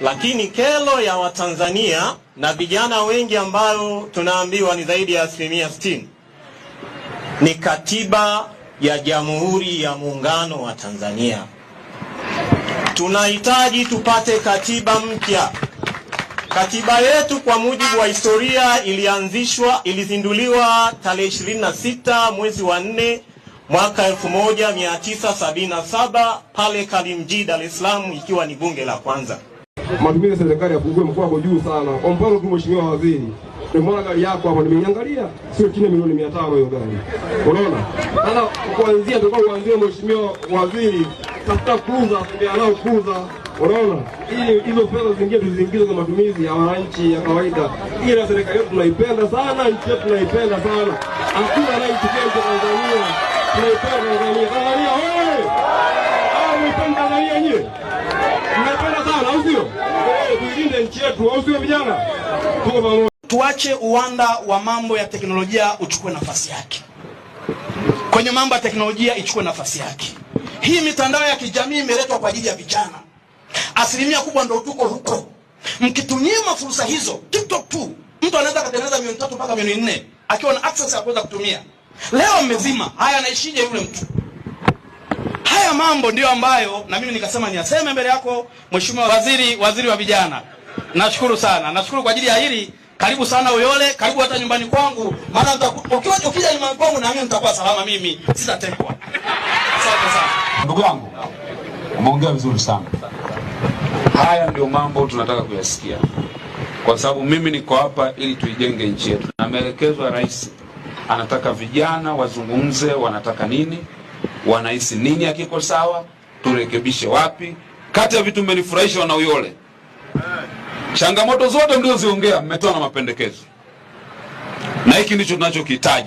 Lakini kelo ya Watanzania na vijana wengi ambayo tunaambiwa ni zaidi ya asilimia 60 ni katiba ya Jamhuri ya Muungano wa Tanzania. Tunahitaji tupate katiba mpya. Katiba yetu kwa mujibu wa historia ilianzishwa, ilizinduliwa tarehe 26 mwezi wa 4 mwaka 1977 pale kalimji Dar es Salaam, ikiwa ni bunge la kwanza matumizi ya serikali yafungue mkoa wako juu sana. Kwa mfano tu, mheshimiwa waziri, nimeona gari yako hapo, nimeangalia sio chini ya milioni 500 hiyo gari. Unaona sasa, kuanzia tulikuwa kuanzia mheshimiwa waziri, tafuta kuuza, tembea nao kuuza Unaona, ili hizo fedha zingine tuziingize kwa matumizi ya wananchi ya kawaida. Ila serikali yetu tunaipenda sana, nchi yetu tunaipenda sana, hakuna anayeichukia Tanzania, tunaipenda Tanzania. Tanzania oh! tuilinde nchi yetu, au sio vijana? Tuko pamoja. Tuache uwanda wa mambo ya teknolojia uchukue nafasi yake, kwenye mambo ya teknolojia ichukue nafasi yake. Hii mitandao ya kijamii imeletwa kwa ajili ya vijana, asilimia kubwa ndio tuko huko. Mkitunyima fursa hizo, TikTok tu mtu anaweza kutengeneza milioni tatu mpaka milioni nne akiwa na access ya kuweza kutumia. Leo mmezima haya, anaishije yule mtu? Haya mambo ndiyo ambayo na mimi nikasema niyaseme mbele yako Mheshimiwa Waziri, Waziri wa Vijana. Nashukuru sana, nashukuru kwa ajili ya hili. Karibu sana Uyole, karibu hata nyumbani kwangu, maana ukiwa ukija nyumbani kwangu na mimi nitakuwa salama, mimi sitatekwa. Asante sana ndugu wangu, umeongea vizuri sana. Haya ndio mambo tunataka kuyasikia, kwa sababu mimi niko hapa ili tuijenge nchi yetu, na ya rais anataka vijana wazungumze, wanataka nini, wanahisi nini, akiko sawa, turekebishe wapi. Kati ya vitu mmenifurahisha na Uyole Changamoto zote mlizoziongea mmetoa na mapendekezo, na hiki ndicho tunachokihitaji.